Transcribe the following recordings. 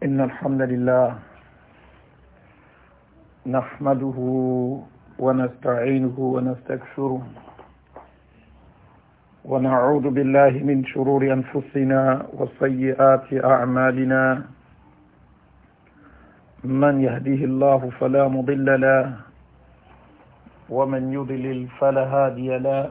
إن الحمد لله نحمده ونستعينه ونستكثره ونعوذ بالله من شرور أنفسنا وسيئات أعمالنا من يهديه الله فلا مضل له ومن يضلل فلا هادي له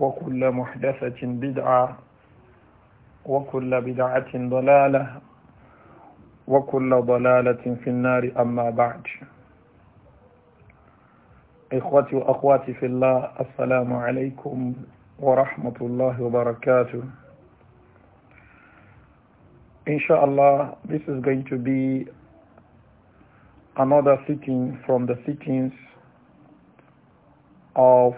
وكل محدثة بدعة وكل بدعة ضلالة وكل ضلالة في النار أما بعد إخوتي وأخواتي في الله السلام عليكم ورحمة الله وبركاته Inshallah, this is going to be another sitting from the sittings of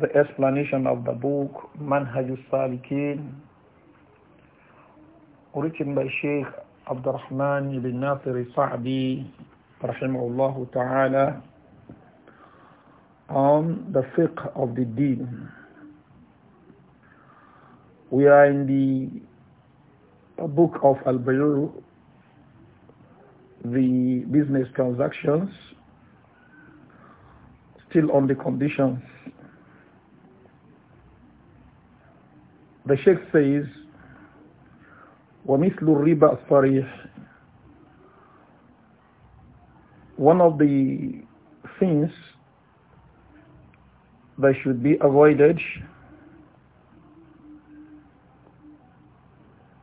the explanation of the book Manhaj salikin written by Sheikh Abdurrahman ibn Nasir Sa'di rahimahullah ta'ala on the fiqh of the deen. We are in the book of Al-Bayr, the business transactions, still on the conditions The Sheikh says, وَمِثْلُ الرِّبَى الصَّرِيحِ One of the things that should be avoided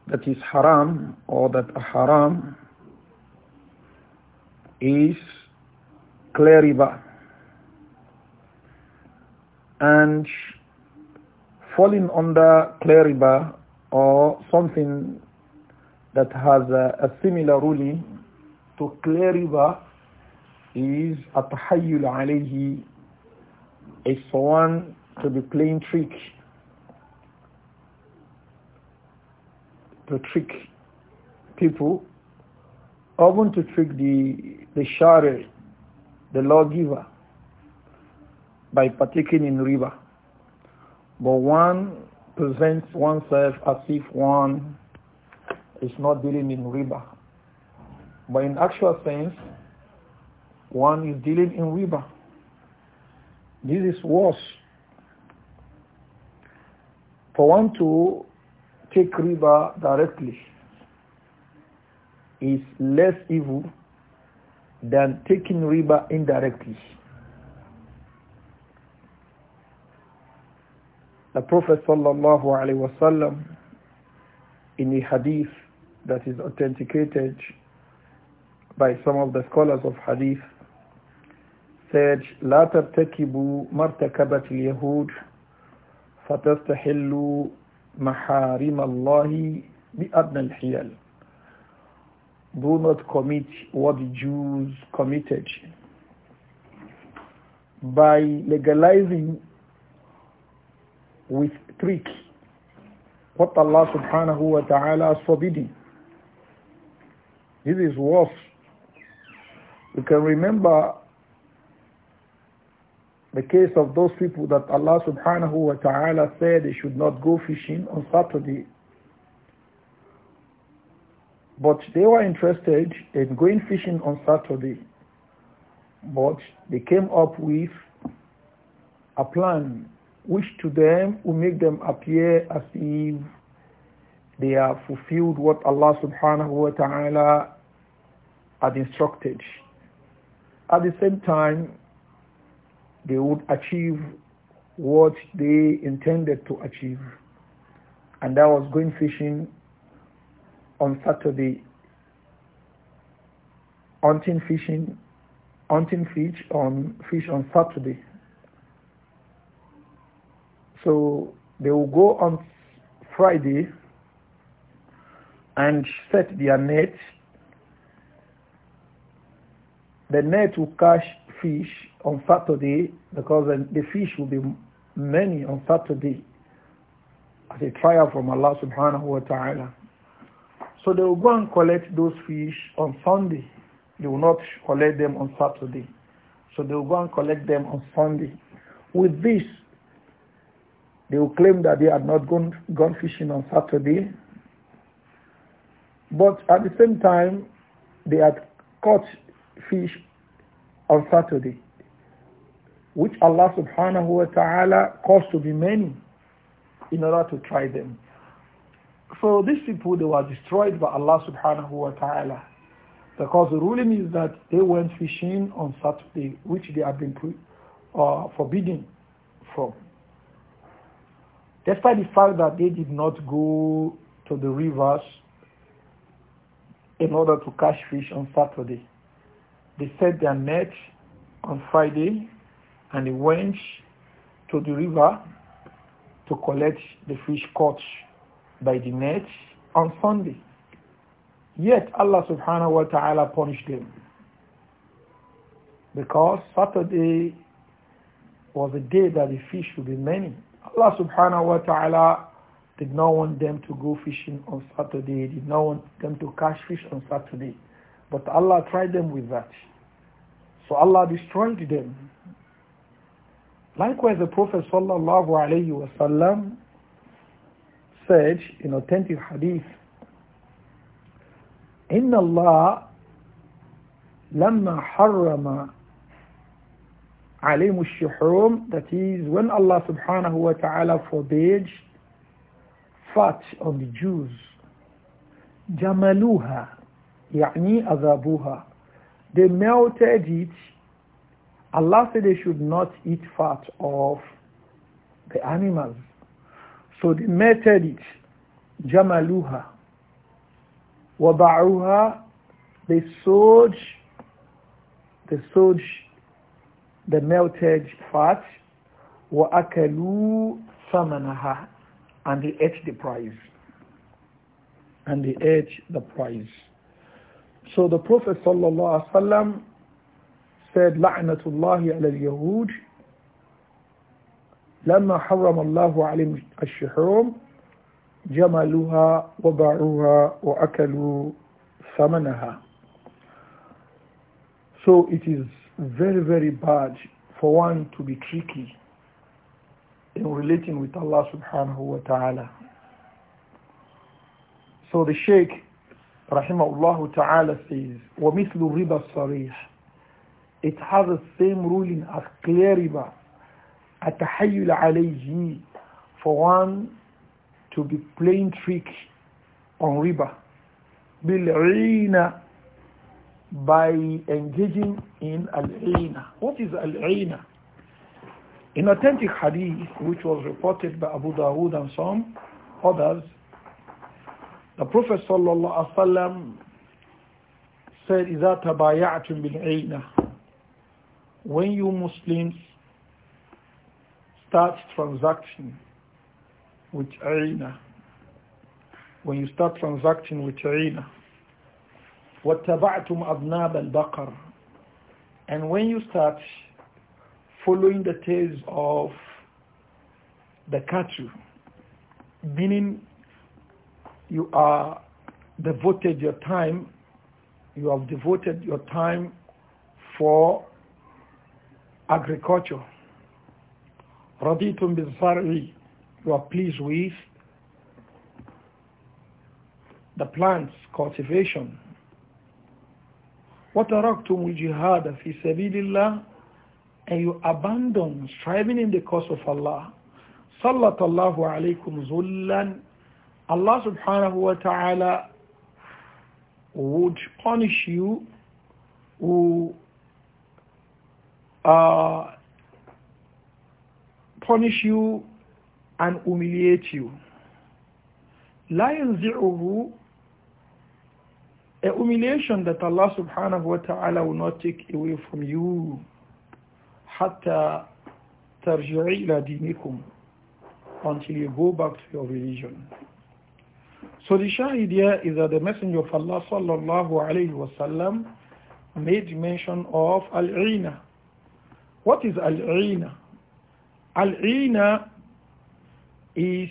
that is haram or that a haram is clear riba and falling under clear or something that has a, a similar ruling to clear riba is atahayyul alayhi is someone to be playing trick to trick people often to trick the the shari the lawgiver by partaking in riba but one presents oneself as if one is not dealing in riba. But in actual sense, one is dealing in riba. This is worse. For one to take riba directly is less evil than taking riba indirectly. The Prophet sallallahu alaihi wasallam in the hadith that is authenticated by some of the scholars of hadith said لا ترتكبوا ما ارتكبت اليهود فتستحلوا محارم الله بأدنى الحيل Do not commit what the Jews committed by legalizing with trick. What Allah subhanahu wa ta'ala has forbidden. This is worse. You can remember the case of those people that Allah subhanahu wa ta'ala said they should not go fishing on Saturday. But they were interested in going fishing on Saturday. But they came up with a plan which to them will make them appear as if they have fulfilled what Allah subhanahu wa ta'ala had instructed. At the same time, they would achieve what they intended to achieve. And I was going fishing on Saturday, hunting fishing, hunting fish on fish on Saturday. So they will go on Friday and set their net. The net will catch fish on Saturday because the fish will be many on Saturday as a trial from Allah subhanahu wa ta'ala. So they will go and collect those fish on Sunday. They will not collect them on Saturday. So they will go and collect them on Sunday. With this, they will claim that they had not gone, gone fishing on Saturday. But at the same time, they had caught fish on Saturday, which Allah subhanahu wa ta'ala caused to be many in order to try them. So these people, they were destroyed by Allah subhanahu wa ta'ala. Because the ruling is that they went fishing on Saturday, which they had been uh, forbidden from. Despite the fact that they did not go to the rivers in order to catch fish on Saturday, they set their net on Friday and they went to the river to collect the fish caught by the net on Sunday. Yet Allah subhanahu wa ta'ala punished them because Saturday was a day that the fish should be many Allah subhanahu wa ta'ala did not want them to go fishing on Saturday, did not want them to catch fish on Saturday. But Allah tried them with that. So Allah destroyed them. Likewise, the Prophet sallallahu alayhi wasallam said in authentic hadith, إن الله لما حرم alimu shuhum, that is when Allah subhanahu wa ta'ala forbade fat on the Jews, jamaluha, يعني azabuha, they melted it. Allah said they should not eat fat of the animals. So they melted it, jamaluha, waba'uha, they sold they sold the melted fat, وَأَكَلُوا ثَمَنَهَا And they ate the prize. And they ate the prize. So the Prophet ﷺ said, لَعْنَةُ اللَّهِ عَلَى الْيَهُودِ لَمَّا حَرَّمَ اللَّهُ عَلِمْ الشِّحْرُمْ جَمَلُهَا وَبَعُوهَا وَأَكَلُوا ثَمَنَهَا So it is very, very bad for one to be tricky in relating with Allah subhanahu wa ta'ala. So the Shaykh, rahimahullah ta'ala, says, وَمِثْلُ riba sarih. It has the same ruling as clear riba. أَتَحَيُّلَ عَلَيْهِ For one to be playing trick on riba. بِالْعِينَ by engaging in al-aina. What is al-aina? In authentic hadith, which was reported by Abu Dawood and some others, the Prophet ﷺ said, wasallam said, bil تَبَايَعْتُمْ When you Muslims start transacting with Aina, when you start transacting with Aina, وَاتَّبَعْتُمْ أَذْنَابَ الْبَقَرِ And when you start following the tails of the cattle, meaning you are devoted your time, you have devoted your time for agriculture. رَضِيتُمْ بِالزَّرْعِ You are pleased with the plants, cultivation. وَتَرَكْتُمُ الْجِهَادَ فِي سَبِيلِ اللَّهِ And you abandon striving in the cause of Allah. صَلَّتَ اللَّهُ عَلَيْكُمْ ذُلًّا Allah subhanahu wa ta'ala would punish you who uh, punish you and humiliate you. لا ينزعه a humiliation that Allah subhanahu wa ta'ala will not take away from you حتى ترجعي إلى دينكم until you go back to your religion. So the shahid here is that the Messenger of Allah sallallahu alayhi wa sallam made mention of al-ina. What is al-ina? Al-ina is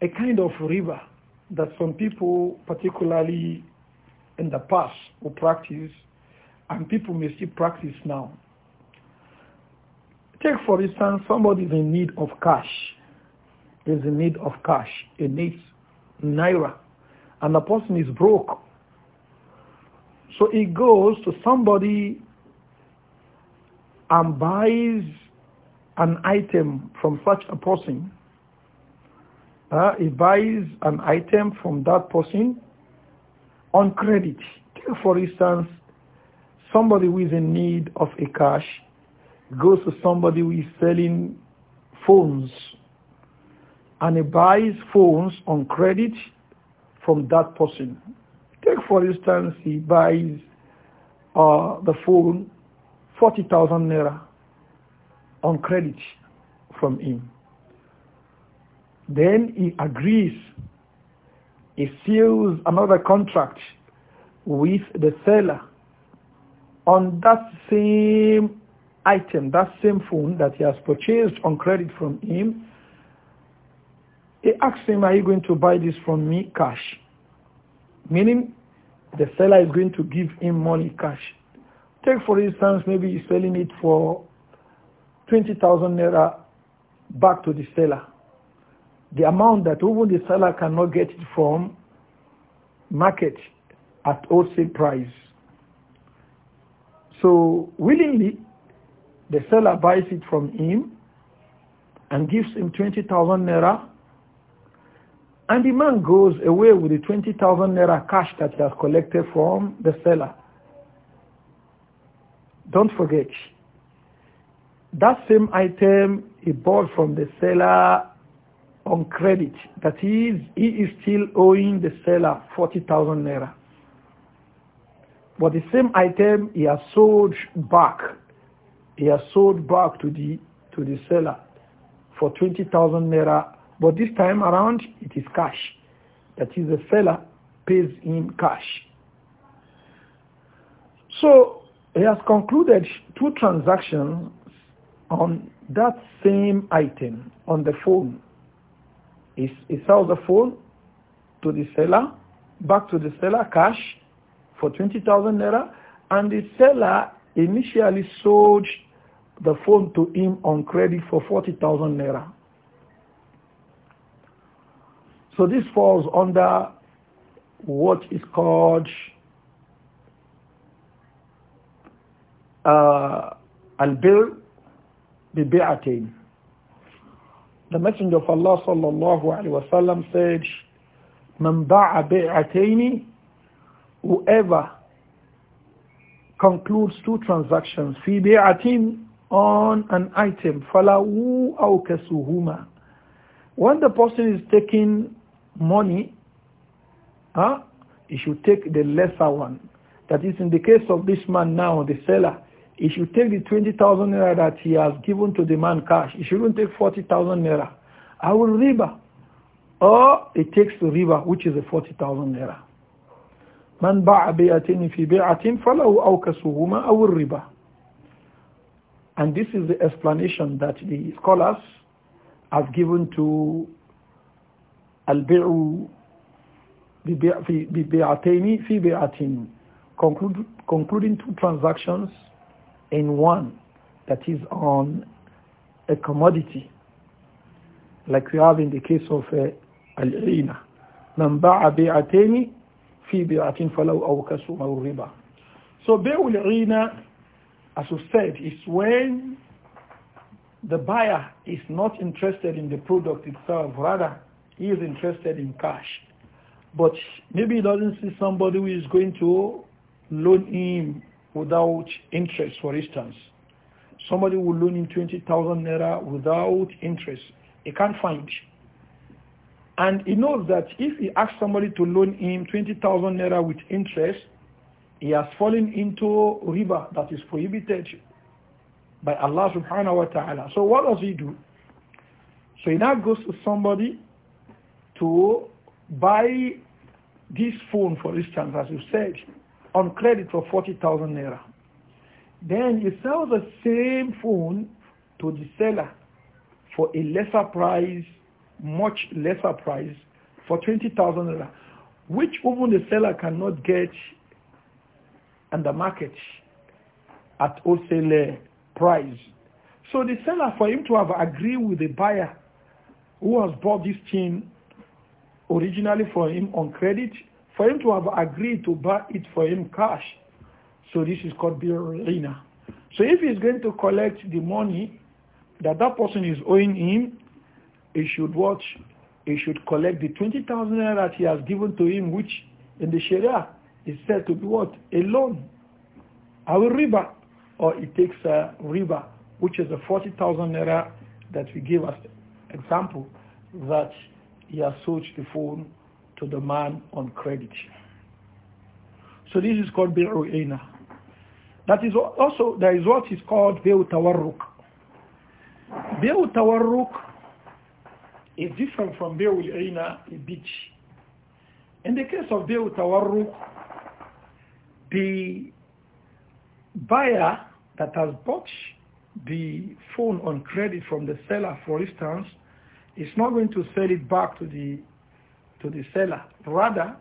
a kind of river that some people particularly in the past who practiced, and people may still practice now. Take, for instance, somebody is in need of cash. Is in need of cash. He needs naira. And the person is broke. So he goes to somebody and buys an item from such a person. Uh, he buys an item from that person on credit. Take for instance, somebody who is in need of a cash goes to somebody who is selling phones and he buys phones on credit from that person. Take for instance, he buys uh, the phone 40,000 naira on credit from him. Then he agrees he seals another contract with the seller on that same item, that same phone that he has purchased on credit from him, he asks him, are you going to buy this from me cash? Meaning the seller is going to give him money cash. Take for instance, maybe he's selling it for 20,000 naira back to the seller the amount that even the seller cannot get it from market at wholesale price. So willingly, the seller buys it from him and gives him 20,000 naira. And the man goes away with the 20,000 naira cash that he has collected from the seller. Don't forget, that same item he bought from the seller on credit. That is, he is still owing the seller 40,000 naira. But the same item he has sold back, he has sold back to the, to the seller for 20,000 naira. But this time around, it is cash. That is, the seller pays in cash. So he has concluded two transactions on that same item on the phone he, he sells the phone to the seller, back to the seller cash for 20,000 naira, and the seller initially sold the phone to him on credit for 40,000 naira. So this falls under what is called uh, al-bil bi-bi'atain. The Messenger of Allah sallallahu alaihi wasallam said, "Man ba'a bi'ataini, whoever concludes two transactions, fi bi'atin on an item, falahu aw kasuhuma." When the person is taking money, huh, he should take the lesser one. That is in the case of this man now, the seller. He should take the 20,000 naira that he has given to the man cash. He shouldn't take 40,000 naira. I will riba. Or he takes the riba, which is the 40,000 naira. من باع بيئتين في بيعة فله أو كسوهما أو الربا. And this is the explanation that the scholars have given to البيع ببيعتين في بيعة concluding two transactions in one that is on a commodity, like we have in the case of al-ina. من باع بيعتين في بيعة فلو أو كسوما الربا. So بيع العينة, as we said, is when the buyer is not interested in the product itself, rather he is interested in cash. But maybe he doesn't see somebody who is going to loan him without interest, for instance. Somebody will loan him 20,000 naira without interest. He can't find. And he knows that if he asks somebody to loan him 20,000 naira with interest, he has fallen into riba that is prohibited by Allah subhanahu wa ta'ala. So what does he do? So he now goes to somebody to buy this phone, for instance, as you said, on credit for 40,000 naira. Then you sell the same phone to the seller for a lesser price, much lesser price, for 20,000 naira, which even the seller cannot get on the market at wholesale uh, price. So the seller, for him to have agreed with the buyer who has bought this thing originally for him on credit, for him to have agreed to buy it for him cash. So this is called birina. So if he's going to collect the money that that person is owing him, he should watch, he should collect the 20,000 naira that he has given to him, which in the Sharia is said to be what? A loan. Our riba. Or it takes a riba, which is a 40,000 naira that we give as example that he has sold the phone to the man on credit. So this is called Bi'u Aina. That is also, there is what is called Bi'u Tawarruk. Bi'u Tawarruk is different from Bi'u Aina, a beach. In the case of Bi'u Tawarruk, the buyer that has bought the phone on credit from the seller, for instance, is not going to sell it back to the to the seller. Rather,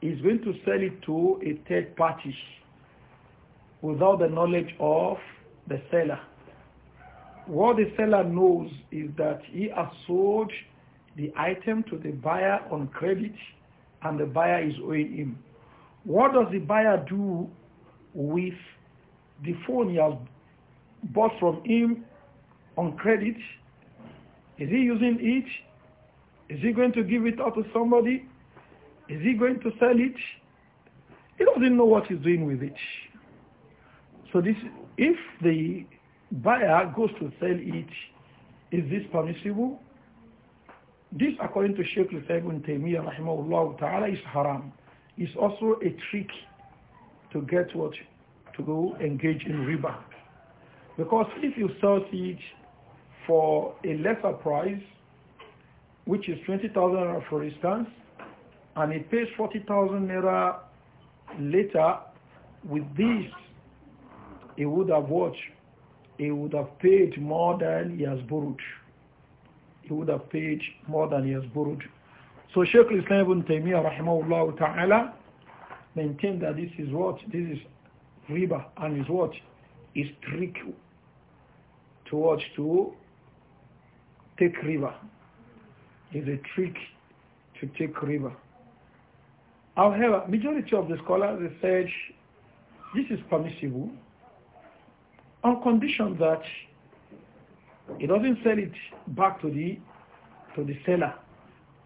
is going to sell it to a third party without the knowledge of the seller. What the seller knows is that he has sold the item to the buyer on credit and the buyer is owing him. What does the buyer do with the phone he has bought from him on credit? Is he using it is he going to give it out to somebody? Is he going to sell it? He doesn't know what he's doing with it. So this, if the buyer goes to sell it, is this permissible? This, according to Sheikh Ibn Taymiyyah, rahimahullah ta'ala, is haram. It's also a trick to get what? To go engage in riba. Because if you sell it for a lesser price, which is 20,000 naira for instance, and it pays 40,000 naira later, with this, he would have watched, he would have paid more than he has borrowed. He would have paid more than he has borrowed. So Sheikh Islam ibn Taymiyyah rahimahullah ta'ala maintained that this is what? This is riba and is what? Is trick towards to take riba is a trick to take riba. However, majority of the scholars research said this is permissible on condition that it doesn't sell it back to the to the seller.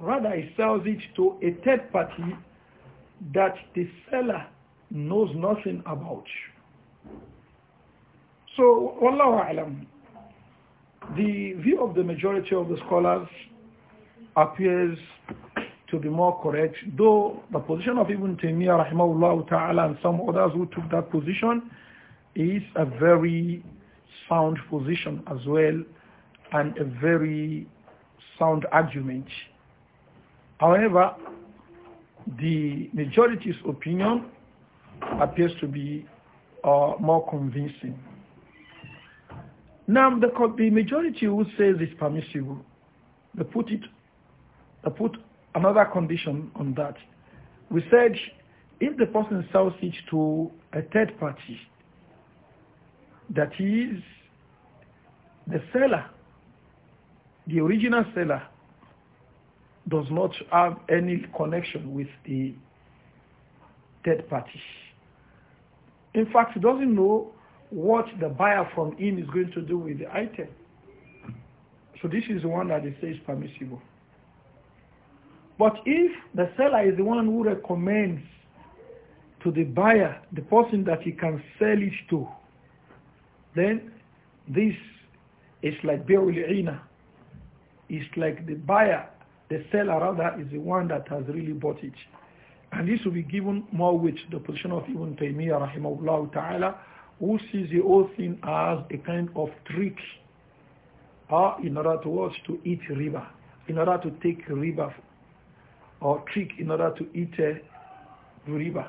Rather, it sells it to a third party that the seller knows nothing about. So, Wallahu Alam, the view of the majority of the scholars appears to be more correct, though the position of Ibn Taymiyyah rahimahullah ta'ala and some others who took that position is a very sound position as well and a very sound argument. However, the majority's opinion appears to be uh, more convincing. Now, the, the majority who says it's permissible, they put it I put another condition on that. We said if the person sells it to a third party, that is the seller, the original seller does not have any connection with the third party. In fact, he doesn't know what the buyer from him is going to do with the item. So this is the one that they say is permissible. But if the seller is the one who recommends to the buyer the person that he can sell it to, then this is like Beulina. It's like the buyer, the seller rather, is the one that has really bought it. And this will be given more weight to the position of Ibn Taymiyyah rahimahullah ta'ala, who sees the whole thing as a kind of trick, or uh, in order to watch to eat riba, in order to take riba or trick in order to eat uh, a river.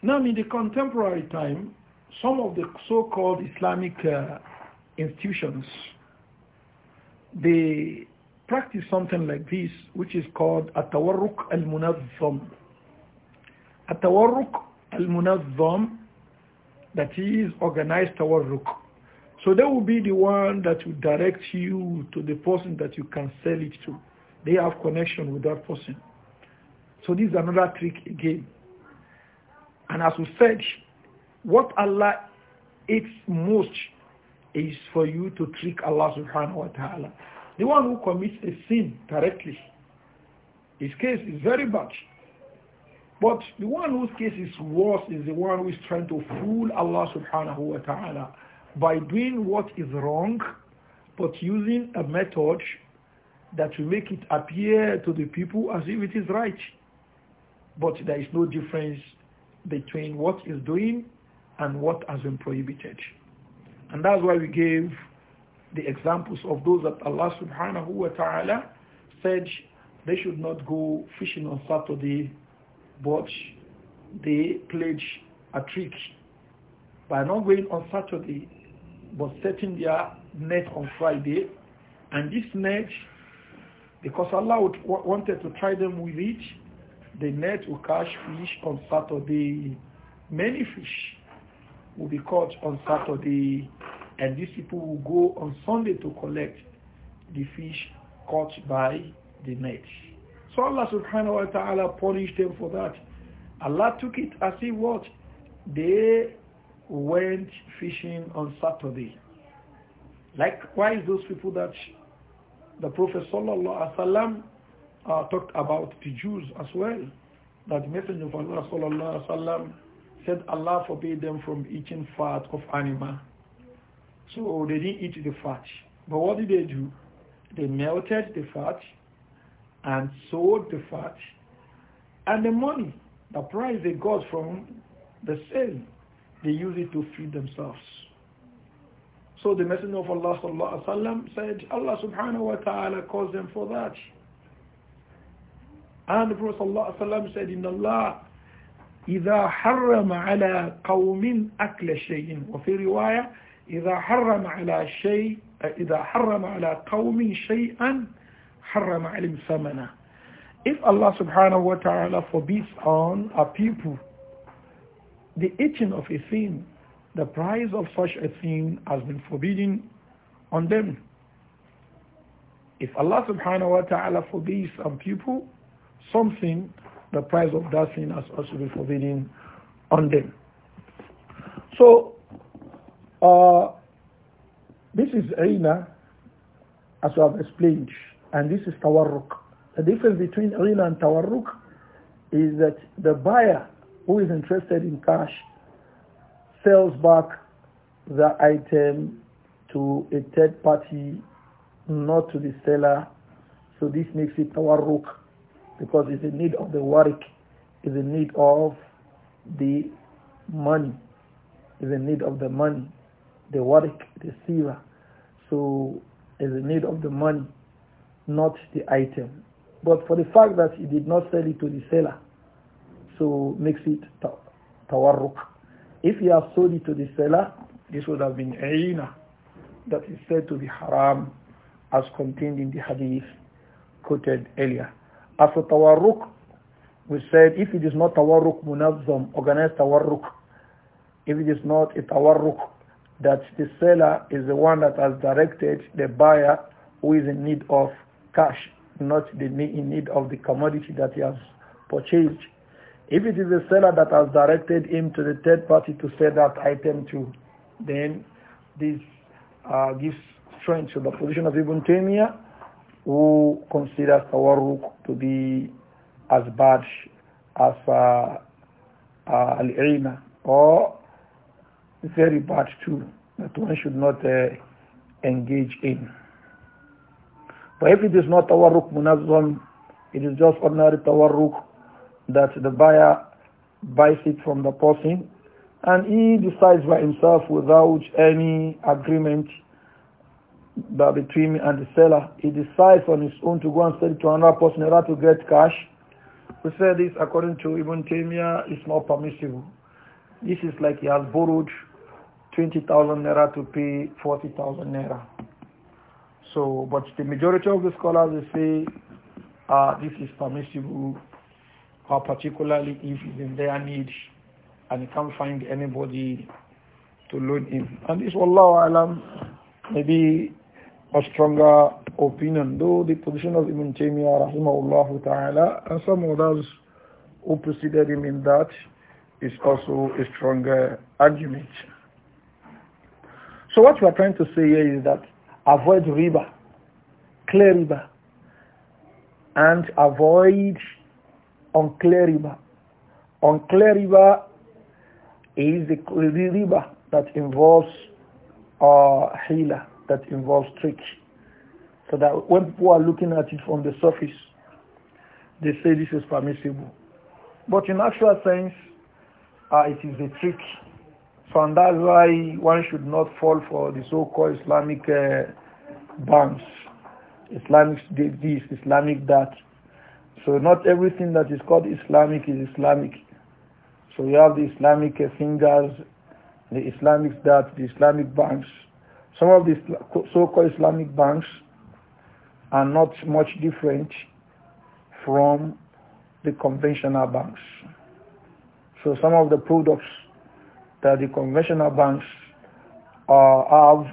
Now in the contemporary time, some of the so-called Islamic uh, institutions, they practice something like this, which is called Atawarruk al-Munazzam. Atawarruk al-Munazzam, that is organized Tawarruk. So that will be the one that will direct you to the person that you can sell it to they have connection with that person. So this is another trick again. And as we said, what Allah hates most is for you to trick Allah subhanahu wa ta'ala. The one who commits a sin directly, his case is very bad. But the one whose case is worse is the one who is trying to fool Allah subhanahu wa ta'ala by doing what is wrong, but using a method that will make it appear to the people as if it is right. But there is no difference between what is doing and what has been prohibited. And that's why we gave the examples of those that Allah subhanahu wa ta'ala said they should not go fishing on Saturday, but they played a trick by not going on Saturday, but setting their net on Friday. And this net because Allah would, wanted to try them with it, the net will catch fish on Saturday. Many fish will be caught on Saturday, and these people will go on Sunday to collect the fish caught by the net. So Allah subhanahu wa ta'ala punished them for that. Allah took it as he what? They went fishing on Saturday. Likewise, those people that the Prophet sallallahu uh, talked about the Jews as well. That Messenger of Allah sallallahu said Allah forbade them from eating fat of animal. So they didn't eat the fat. But what did they do? They melted the fat and sold the fat. And the money, the price they got from the sale, they used it to feed themselves. So the Messenger of Allah sallallahu alaihi wasallam said, Allah subhanahu wa ta'ala caused them for that. And the Prophet sallallahu alaihi wasallam said, Inna Allah إذا حرم على قوم أكل شيء وفي رواية إذا حرم على شيء إذا حرم على قوم شيئا حرم عليهم ثمنه If Allah subhanahu wa ta'ala forbids on a people the eating of a thing, the price of such a thing has been forbidden on them. If Allah subhanahu wa ta'ala forbids some people something, the price of that thing has also been forbidden on them. So, uh, this is Aina, as I have explained, and this is Tawarruk. The difference between Aina and Tawarruk is that the buyer who is interested in cash sells back the item to a third party, not to the seller. So this makes it tawarruk because it's a need of the warik, it's a need of the money, it's a need of the money, the warik, the sira. So it's a need of the money, not the item. But for the fact that he did not sell it to the seller, so makes it tawarruk. If he have sold it to the seller, this would have been aina that is said to be haram as contained in the hadith quoted earlier. As for tawarruk, we said if it is not tawarruk munazzam, organized tawarruk, if it is not a tawarruk that the seller is the one that has directed the buyer who is in need of cash, not the, in need of the commodity that he has purchased. If it is a seller that has directed him to the third party to sell that item to, then this uh, gives strength to the position of Ibn Taymiyyah, who considers tawarruk to be as bad as uh, uh, al or very bad too, that one should not uh, engage in. But if it is not tawarruk munazzam, it is just ordinary tawarruk that the buyer buys it from the person and he decides by himself without any agreement between me and the seller. He decides on his own to go and sell it to another person in order to get cash. We say this according to Ibn Taymiyyah is not permissible. This is like he has borrowed 20,000 naira to pay 40,000 naira. So, but the majority of the scholars they say uh, this is permissible or particularly if he's in their need and he can't find anybody to loan him. And this, wallahu alam, maybe a stronger opinion, though the position of Ibn Taymiyyah, rahimahullah ta'ala, and some others who preceded him in that, is also a stronger argument. So what we are trying to say here is that avoid riba, clear riba, and avoid unclear riba. Unclear riba is the riba that involves uh, healer that involves trick. So that when people are looking at it from the surface, they say this is permissible. But in actual sense, uh, it is a trick. So and that's why one should not fall for the so-called Islamic uh, bans. Islamic this, Islamic that. So not everything that is called Islamic is Islamic. So you have the Islamic fingers, the Islamic that, the Islamic banks. Some of the so-called Islamic banks are not much different from the conventional banks. So some of the products that the conventional banks uh, have,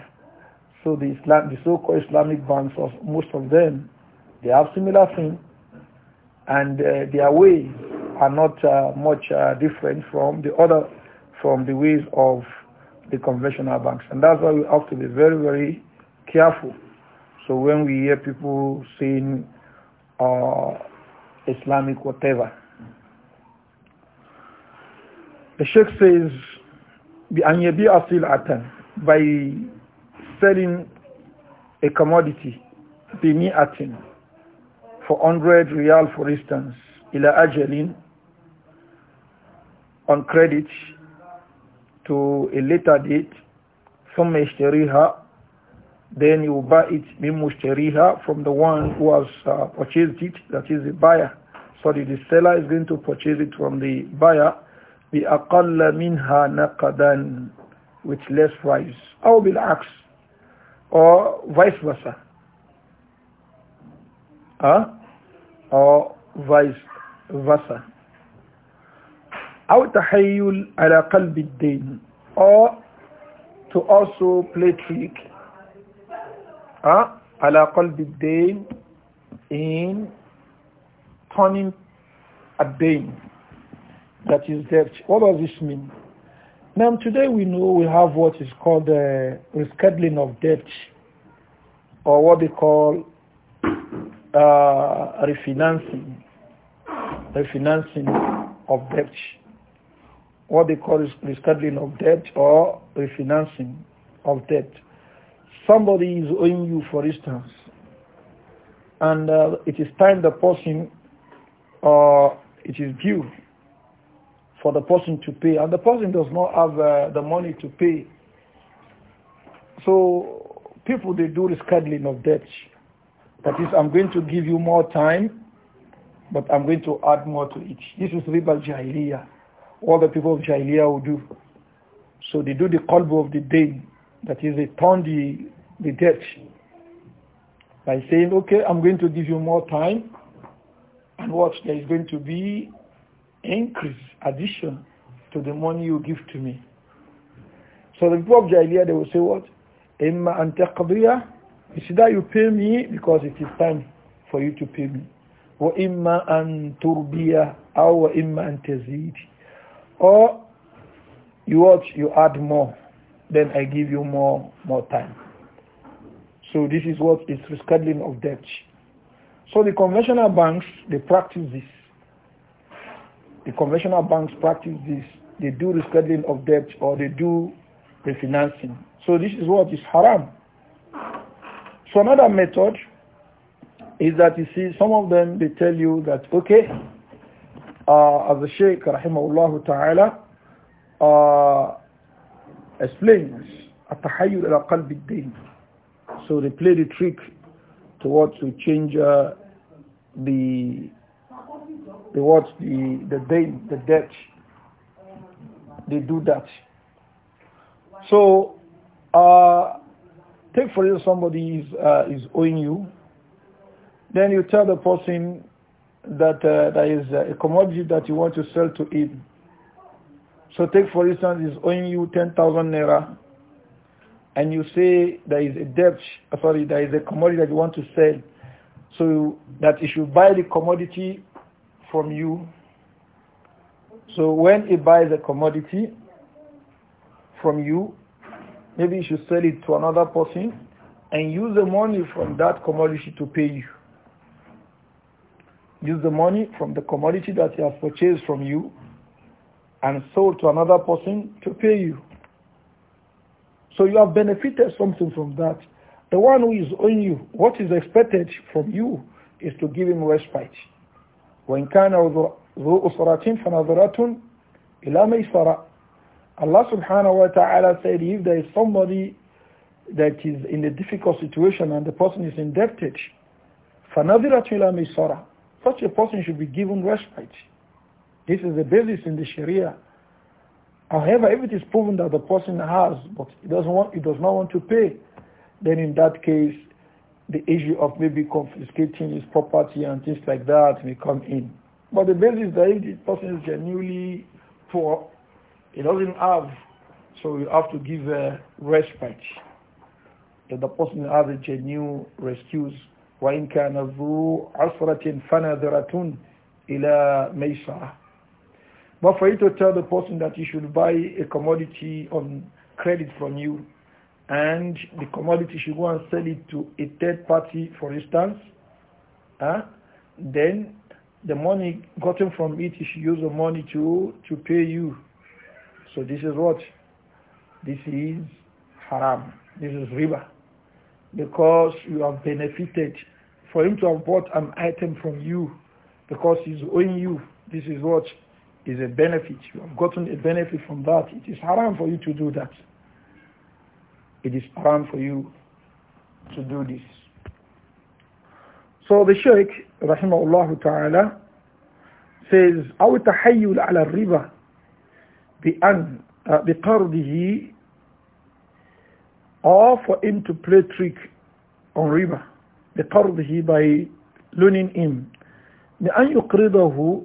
so the, Islam, the so-called Islamic banks, most of them, they have similar things and uh, their ways are not uh, much uh, different from the other, from the ways of the conventional banks. And that's why we have to be very, very careful. So when we hear people saying uh, Islamic whatever, the Sheikh says, بأن يبيع سلعة by selling a commodity بمئة for 100 real, for instance, ila ajalin on credit to a later date, from يشتريها then you buy it min mushtariha from the one who has uh, purchased it, that is the buyer. Sorry, the seller is going to purchase it from the buyer bi aqalla minha naqadan with less price. Or bil aks or vice versa. Huh? or vice versa. أو تحيل على قلب الدين or to also play trick huh? على قلب الدين in turning a deen that is debt. What does this mean? Now today we know we have what is called the uh, rescheduling of debt or what they call uh, refinancing, refinancing of debt, what they call rescheduling of debt or refinancing of debt. Somebody is owing you, for instance, and uh, it is time the person, uh, it is due for the person to pay, and the person does not have uh, the money to pay. So people, they do rescheduling of debt. That is, I'm going to give you more time, but I'm going to add more to it. This is riba jahiliya. All the people of jahiliya will do. So they do the qalbu of the day. That is, they turn the, the debt by saying, okay, I'm going to give you more time, and what? There is going to be increase, addition to the money you give to me. So the people of Jahiliyyah, they will say what? إِمَّا أَن it's that you pay me because it is time for you to pay me. وَإِمَّا أَن تُرْبِيَ أَوْ وَإِمَّا أَن تَزِيدِ Or you watch, you add more, then I give you more, more time. So this is what is rescheduling of debt. So the conventional banks, they practice this. The conventional banks practice this. They do rescheduling of debt or they do refinancing. So this is what is haram. So another method is that you see some of them they tell you that okay uh, as the Shaykh rahimahullah ta'ala uh, explains التحيل إلى قلب الدين so they play the trick towards to change uh, the towards the the date the debt they do that so uh, Take for you somebody is, uh, is owing you. Then you tell the person that uh, there is uh, a commodity that you want to sell to him. So take for instance, he's owing you 10,000 naira and you say there is a debt, sorry, there is a commodity that you want to sell, so that he should buy the commodity from you. So when he buys a commodity from you, Maybe you should sell it to another person and use the money from that commodity to pay you. Use the money from the commodity that he has purchased from you and sold to another person to pay you. So you have benefited something from that. The one who is owing you, what is expected from you is to give him respite. كان ذو أسرة فنظرة إلى ميسرة Allah subhanahu wa ta'ala said, if there is somebody that is in a difficult situation and the person is indebted, فَنَذِرَةُ إِلَى misara, Such a person should be given respite. This is the basis in the Sharia. However, if it is proven that the person has, but he doesn't want, he does not want to pay, then in that case, the issue of maybe confiscating his property and things like that may come in. But the basis that if the person is genuinely poor, he doesn't have, so you have to give a uh, respect. the person has a genuine excuse. وَإِنْ كَانَ ذُو عَسْرَةٍ فَنَذِرَةٌ إِلَى مَيْسَرَةٍ But for you to tell the person that he should buy a commodity on credit from you, and the commodity should go and sell it to a third party, for instance, huh? then the money gotten from it, you should use the money to, to pay you. So this is what? This is haram. This is riba. Because you have benefited. For him to have bought an item from you because he's owing you, this is what is a benefit. You have gotten a benefit from that. It is haram for you to do that. It is haram for you to do this. So the Shaykh, rahimahullah ta'ala, says, أو تحيل على الربا بأن بقرضه or for him to play trick on riba بقرضه by loaning him بأن يقرضه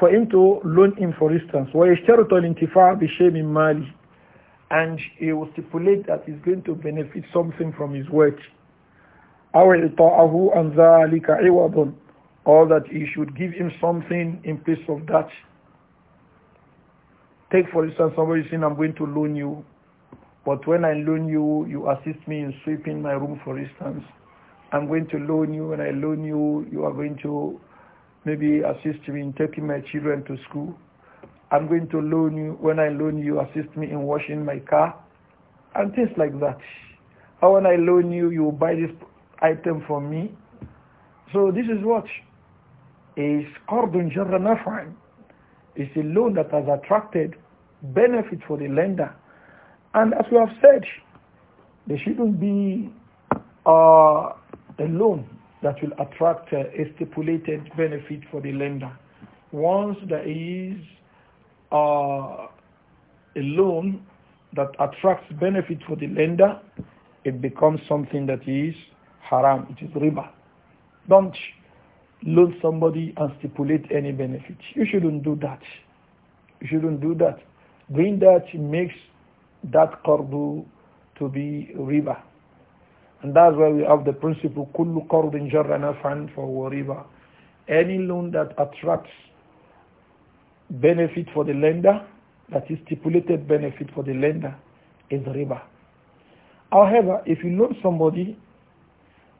for him to loan him for instance ويشترط الانتفاع بشيء من ماله and he will stipulate that he's going to benefit something from his work أو إعطاءه عن ذلك عوض or that he should give him something in place of that Take for instance somebody saying I'm going to loan you, but when I loan you, you assist me in sweeping my room for instance. I'm going to loan you, and I loan you, you are going to maybe assist me in taking my children to school. I'm going to loan you, when I loan you, assist me in washing my car, and things like that. Or when I loan you, you buy this item for me. So this is what is qardun jarra naf'an. It's a loan that has attracted benefit for the lender. And as we have said, there shouldn't be uh, a loan that will attract uh, a stipulated benefit for the lender. Once there is uh, a loan that attracts benefit for the lender, it becomes something that is haram, it is riba. Don't loan somebody and stipulate any benefit. You shouldn't do that. You shouldn't do that. Doing that makes that qardu to be riba. And that's why we have the principle, كل قرض جر نفعا for riba. Any loan that attracts benefit for the lender, that is stipulated benefit for the lender, is riba. However, if you loan somebody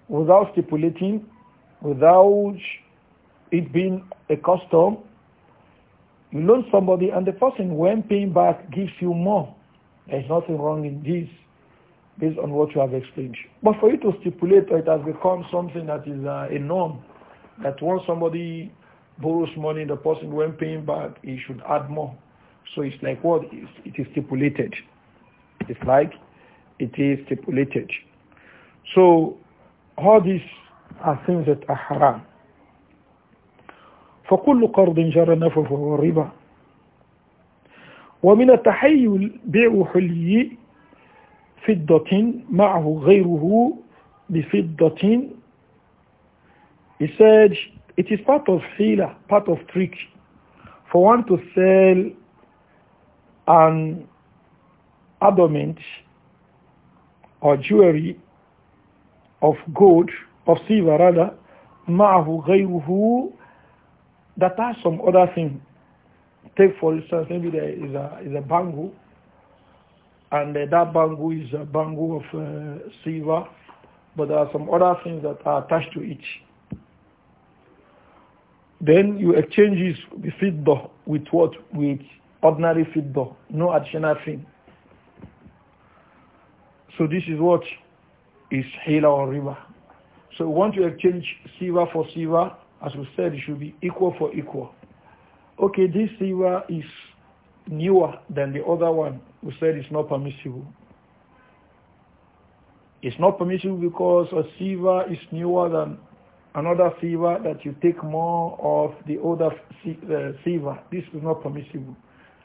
without stipulating, without it being a custom, you loan somebody and the person, when paying back, gives you more. There's nothing wrong in this based on what you have explained. But for you to stipulate it has become something that is uh, a norm, that once somebody borrows money, the person, when paying back, he should add more. So it's like what? It's, it is stipulated. It's like it is stipulated. So all these are things that are haram. فكل قرض جرى نفع فهو ربا ومن التحيل بيع حلي فضة معه غيره بفضة He said it is part of hila, part of trick for one to sell an adornment or jewelry of gold, of silver rather, معه غيره that has some other thing. Take for instance, maybe there is a, is a bangle, and uh, that bangle is a bangle of uh, silver, but there are some other things that are attached to it. Then you exchange this fiddah with what? With ordinary fiddah, no additional thing. So this is what is hila or riba. So once you exchange silver for silver, as we said, it should be equal for equal. Okay, this river is newer than the other one. We said it's not permissible. It's not permissible because a siva is newer than another siva that you take more of the older siva. Uh, this is not permissible.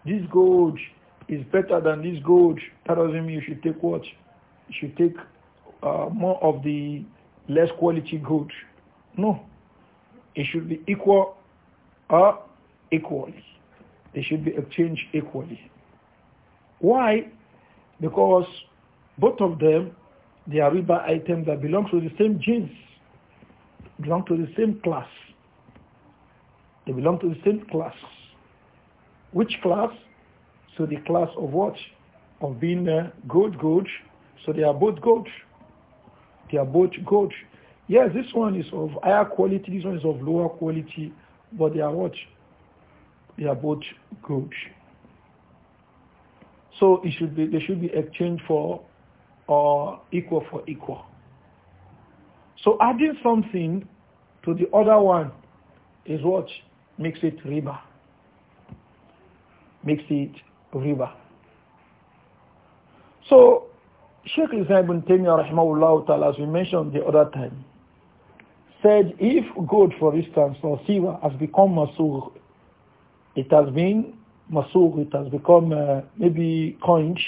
This gold is better than this gold. That doesn't mean you should take what? You should take uh, more of the less quality gold. No. It should be equal or uh, equally. They should be exchanged equally. Why? Because both of them, they are riba items that belong to the same genes, belong to the same class. They belong to the same class. Which class? So the class of what? Of being uh, gold, gold. So they are both gold. They are both gold. Yes, this one is of higher quality, this one is of lower quality, but they are what? They are both good. So it should be, they should be exchanged for or uh, equal for equal. So adding something to the other one is what makes it riba. Makes it riba. So Sheikh ibn Taymiyyah as we mentioned the other time said if gold, for instance, or silver has become masur, it has been masur, it has become uh, maybe coined,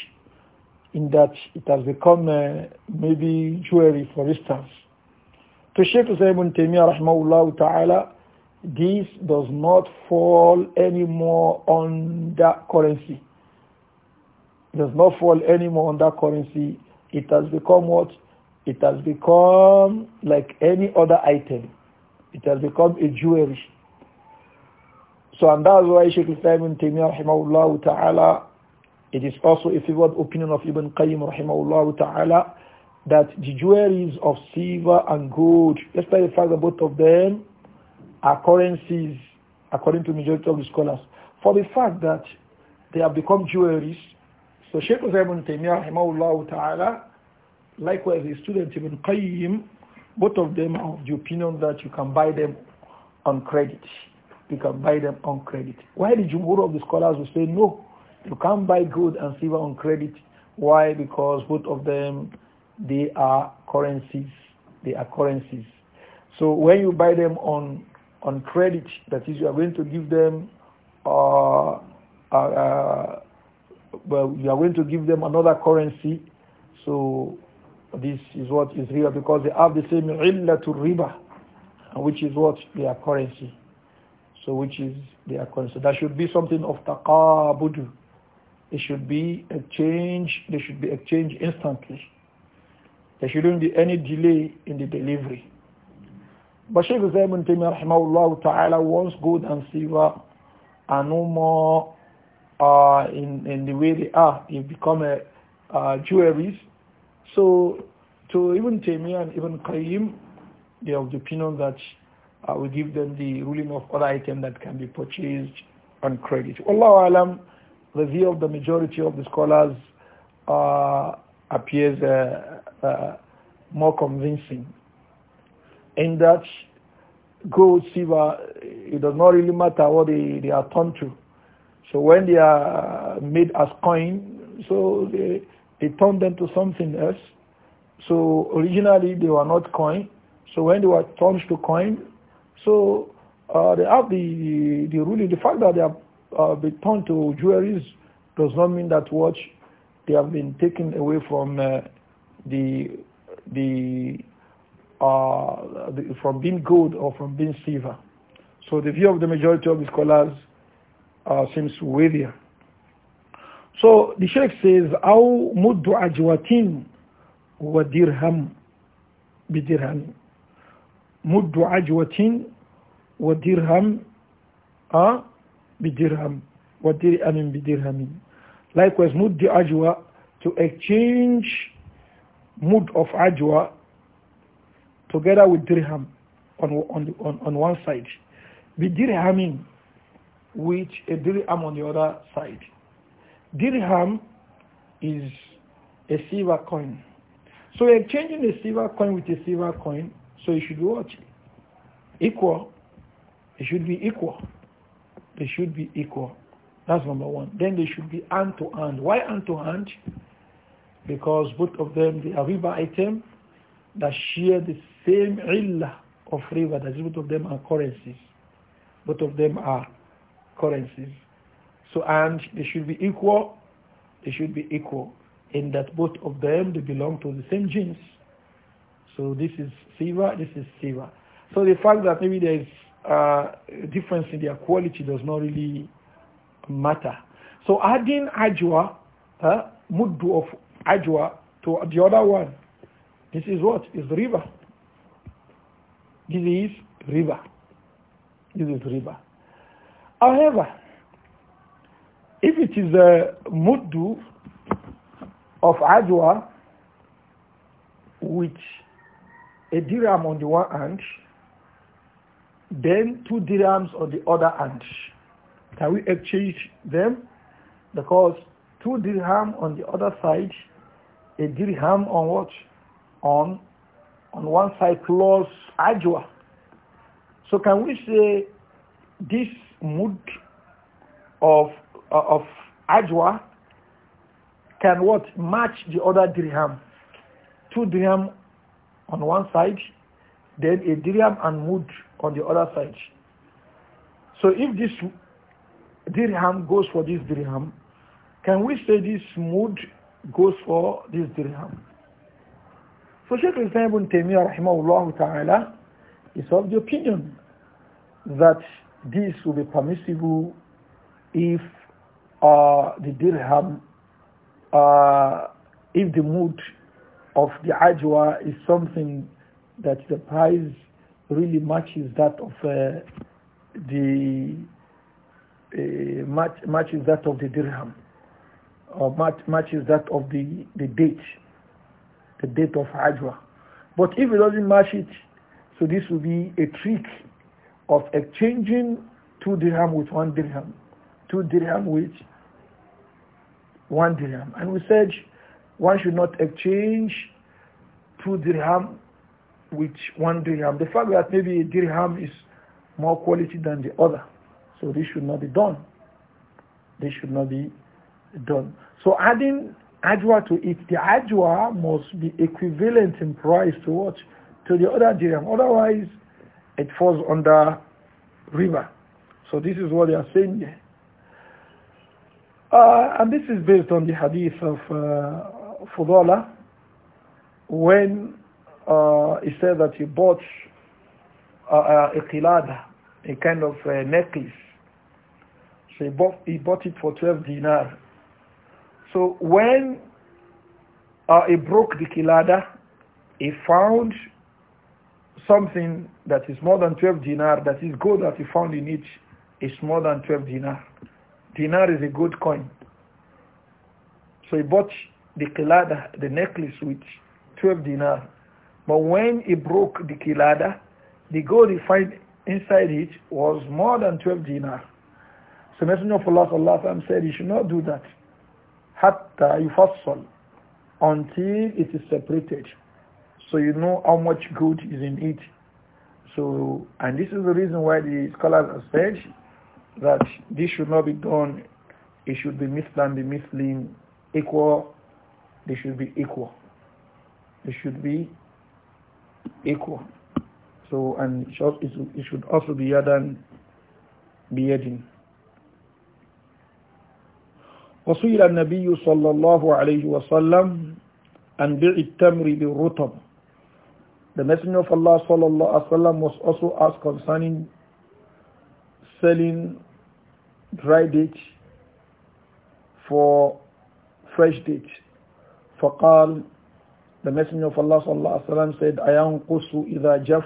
in that it has become uh, maybe jewelry, for instance. To Sheikh Ibn Taymiyyah, rahmahullah ta'ala, this does not fall anymore on that currency. It does not fall anymore on that currency. It has become what? it has become like any other item. It has become a jewelry. So and that's why Sheikh Islam ibn Taymiyyah rahimahullah ta'ala, it is also a favored opinion of Ibn Qayyim rahimahullah ta'ala that the jewelries of silver and gold, despite the fact that both of them are currencies, according to majority of the scholars, for the fact that they have become jewelries. So Sheikh Islam ibn Taymiyyah rahimahullah ta'ala Likewise, the student Ibn Qayyim, both of them are uh, of the opinion that you can buy them on credit. You can buy them on credit. Why the Jumhur of the scholars will say, no, you can't buy gold and silver on credit. Why? Because both of them, they are currencies. They are currencies. So when you buy them on on credit, that is, you are going to give them, uh, uh, uh, well, you are going to give them another currency. So this is what is real because they have the same illah to riba, which is what their currency. So which is their currency. There should be something of taqabudu. It should be change. There should be exchanged instantly. There shouldn't be any delay in the delivery. But Sheikh Zayman Taymiyyah rahimahullah ta'ala wants gold and silver are no more uh, in, in the way they are. They become a, uh, jewelries so to Ibn Taymiyyah and Ibn Qayyim, they have the opinion that I uh, will give them the ruling of other item that can be purchased on credit. Allah alam, the view of the majority of the scholars uh, appears uh, uh, more convincing in that gold, silver, it does not really matter what they, they are turned to. So when they are made as coin, so they, they turned them to something else. So originally they were not coin. So when they were turned to coin, so uh, they have the, the, the ruling. The fact that they have uh, been turned to jewelries does not mean that watch they have been taken away from uh, the the, uh, the, from being gold or from being silver. So the view of the majority of the scholars uh, seems weightier. So the Sheikh says, ajwatin wa dirham أو مد عجوة ودرهم بدرهم مد عجوة ودرهم wa بدرهم ودرهم بدرهم Likewise, مد ajwa to exchange mud of ajwa together with dirham on, on, on, on one side. Be dirhamin with a dirham on the other side dirham is a silver coin. So we are exchanging a silver coin with a silver coin, so it should be what? Equal. It should be equal. They should be equal. That's number one. Then they should be hand to hand. Why hand to hand? Because both of them, they are item that share the same illah of riba. That's both of them are currencies. Both of them are currencies. So, and they should be equal. They should be equal in that both of them, they belong to the same genes. So this is Siva, this is Siva. So the fact that maybe there is a difference in their quality does not really matter. So adding Ajwa, uh, Muddu of Ajwa to the other one, this is what? Is river. This is river. This is river. However, if it is a muddu of ajwa with a dirham on the one hand, then two dirhams on the other hand. Can we exchange them? Because two dirham on the other side, a dirham on what? On on one side plus ajwa. So can we say this mood of uh, of Ajwa can what match the other dirham. Two dirham on one side, then a dirham and mud on the other side. So if this dirham goes for this dirham, can we say this mud goes for this dirham? So Sheikh Islam ibn Taymiyyah rahimahullah ta'ala is of the opinion that this will be permissible if or uh, the dirham, uh, if the mood of the ajwa is something that the price really matches that of uh, the uh, match, matches that of the dirham or match, matches that of the, the date, the date of ajwa. But if it doesn't match it, so this will be a trick of exchanging two dirham with one dirham, two dirham with one dirham. And we said one should not exchange two dirham with one dirham. The fact that maybe a dirham is more quality than the other. So this should not be done. This should not be done. So adding ajwa to it, the ajwa must be equivalent in price to what? To the other dirham. Otherwise, it falls under river. So this is what they are saying here. Uh, and this is based on the hadith of uh, Fudala when uh, he said that he bought uh, uh, a qilada, a kind of uh, necklace. So he bought, he bought it for 12 dinar. So when uh, he broke the qilada, he found something that is more than 12 dinar, that is gold that he found in it is more than 12 dinar. Dinar is a good coin. So he bought the kilada, the necklace which 12 dinar. But when he broke the kilada, the gold he found inside it was more than 12 dinar. So Messenger of Allah Allah said you should not do that. Hatta yufassal. Until it is separated. So you know how much gold is in it. So, and this is the reason why the scholars have said that this should not be done. It should be mislan, be misleading, equal. They should be equal. They should be equal. So, and it should also be yadan, be yadin. وسئل النبي صلى الله عليه وسلم عن بيع التمر بالرطب The Messenger of Allah صلى الله عليه وسلم was also asked concerning selling dry date for fresh date. فقال The Messenger of Allah الله عليه وسلم said, أَيَنْقُسُ إِذَا جَفْ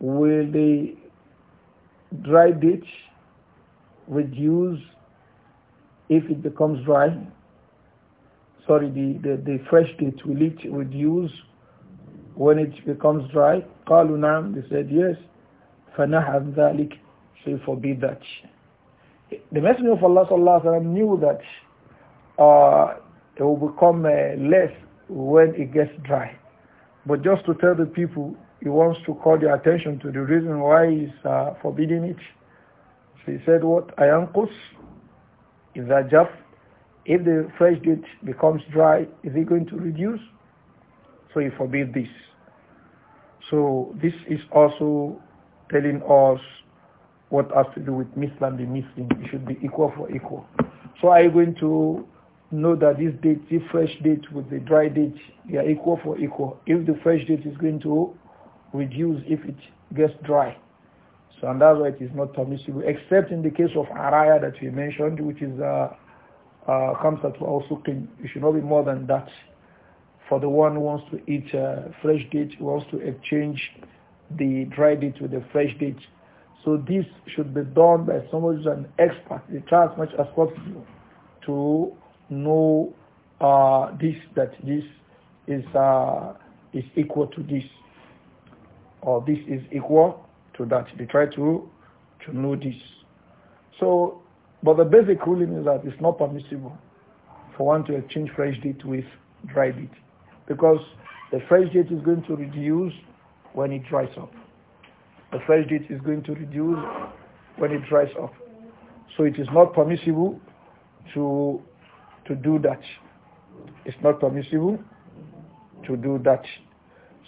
Will the dry ditch reduce if it becomes dry? Sorry, the, the, the fresh ditch, will it reduce when it becomes dry? قَالُوا نَعْمُ They said, yes. فَنَحْنَ ذَلِكَ So you forbid that. The Messenger of Allah sallallahu alaihi wasallam knew that uh, it will become uh, less when it gets dry. But just to tell the people, he wants to call their attention to the reason why he's uh, forbidding it. So he said, what? Ayankus is that jaff? If the fresh date becomes dry, is it going to reduce? So he forbid this. So this is also telling us what has to do with Muslim be Muslim. It should be equal for equal. So are you going to know that this date, the fresh date with the dry date, they are equal for equal. If the fresh date is going to reduce if it gets dry. So and that's why it is not permissible, except in the case of araya that we mentioned, which is uh, uh, khamsat wa It should not be more than that. For the one who wants to eat uh, fresh date, who wants to exchange the dry date with the fresh date, so this should be done by someone who's an expert. They try as much as possible to know uh, this, that this is, uh, is equal to this, or this is equal to that. They try to, to know this. So, but the basic ruling is that it's not permissible for one to exchange fresh date with dry date because the fresh date is going to reduce when it dries up the first date is going to reduce when it dries up. So it is not permissible to to do that. It's not permissible to do that.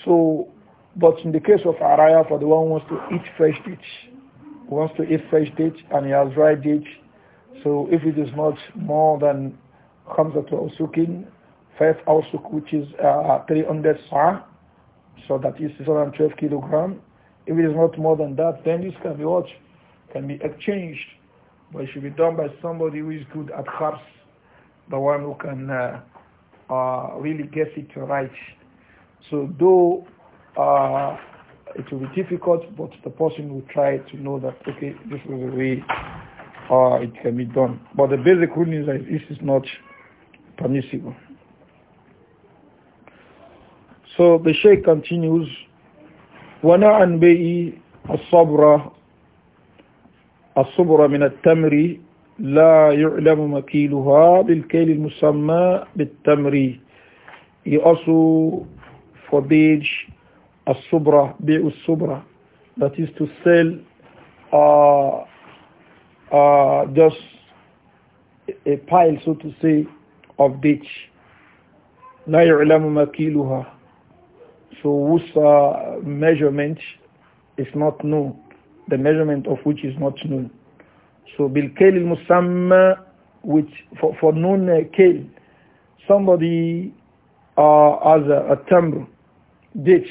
So, but in the case of Araya, for the one who wants to eat fresh dates, wants to eat fresh date and he has dry date, so if it is not more than comes to sukin five which is uh, 300 sa, so that is 612 kilogram, if it is not more than that, then this can be what? Can be exchanged. But it should be done by somebody who is good at hearts, the one who can uh, uh, really get it right. So though uh, it will be difficult, but the person will try to know that, okay, this is the way uh, it can be done. But the basic rule is that this is not permissible. So the Sheikh continues ونعا به الصبر الصبر من التمر لا يعلم مكيلها بالكيل المسمى بالتمر يأسو for الصبر بيع الصبر that is to sell uh, uh, just a pile so to say of ditch لا يعلم مكيلها So whose measurement is not known, the measurement of which is not known. So bilkal musamma, which for, for known uh, somebody uh, has a, a tamr, date,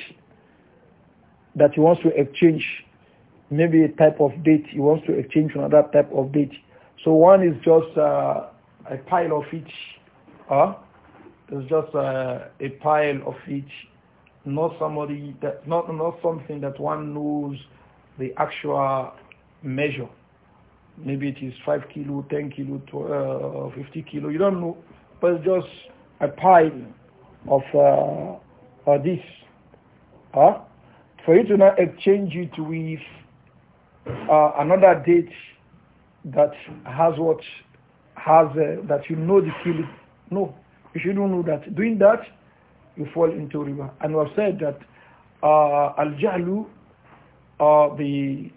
that he wants to exchange, maybe a type of date, he wants to exchange another type of date. So one is just uh, a pile of each, huh? It's just uh, a pile of each not somebody that not not something that one knows the actual measure. Maybe it is five kilo, ten kilo, 12, uh, fifty kilo. You don't know, but it's just a pile of uh, uh, this. Huh? For you to not exchange it with uh, another date that has what has uh, that you know the kilo. No, you shouldn't know that. Doing that you fall into riba. And we've said that uh, al-jahlu, uh, the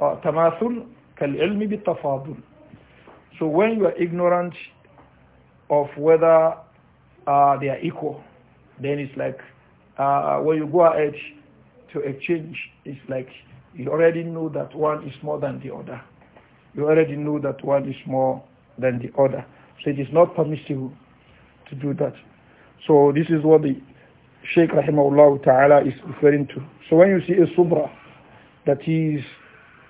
uh, tamathul kal-ilmi bi-tafadul. So when you are ignorant of whether uh, they are equal, then it's like uh, when you go ahead to exchange, it's like you already know that one is more than the other. You already know that one is more than the other. So it is not permissible to do that. So this is what the Shaykh Rahimahullah Ta'ala is referring to. So when you see a subra, that is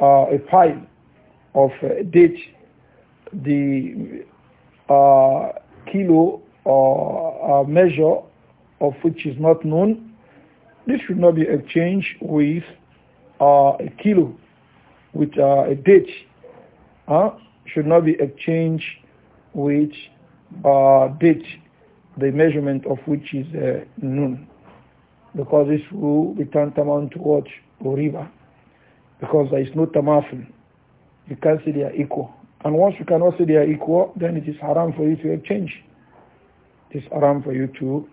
uh, a pile of uh, date, the uh, kilo or uh, measure of which is not known, this should not be exchanged with uh, a kilo, with uh, a date. Huh? Should not be exchanged with uh, date the measurement of which is uh, noon. Because this will be tantamount to watch or river. Because there is no tamafil. You can't say they are equal. And once you cannot say they are equal, then it is haram for you to exchange. It is haram for you to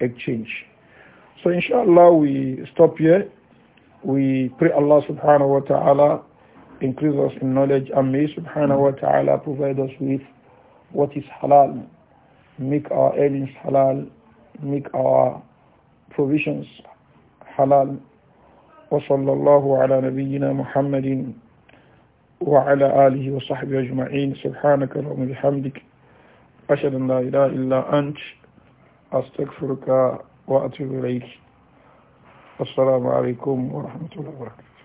exchange. So inshallah we stop here. We pray Allah subhanahu wa ta'ala increase us in knowledge and may subhanahu wa ta'ala provide us with what is halal make our earnings halal, make our provisions halal. وصلى الله على نبينا محمد وعلى آله وصحبه أجمعين سبحانك اللهم بحمدك أشهد أن لا إله إلا أنت أستغفرك وأتوب إليك السلام عليكم ورحمة الله وبركاته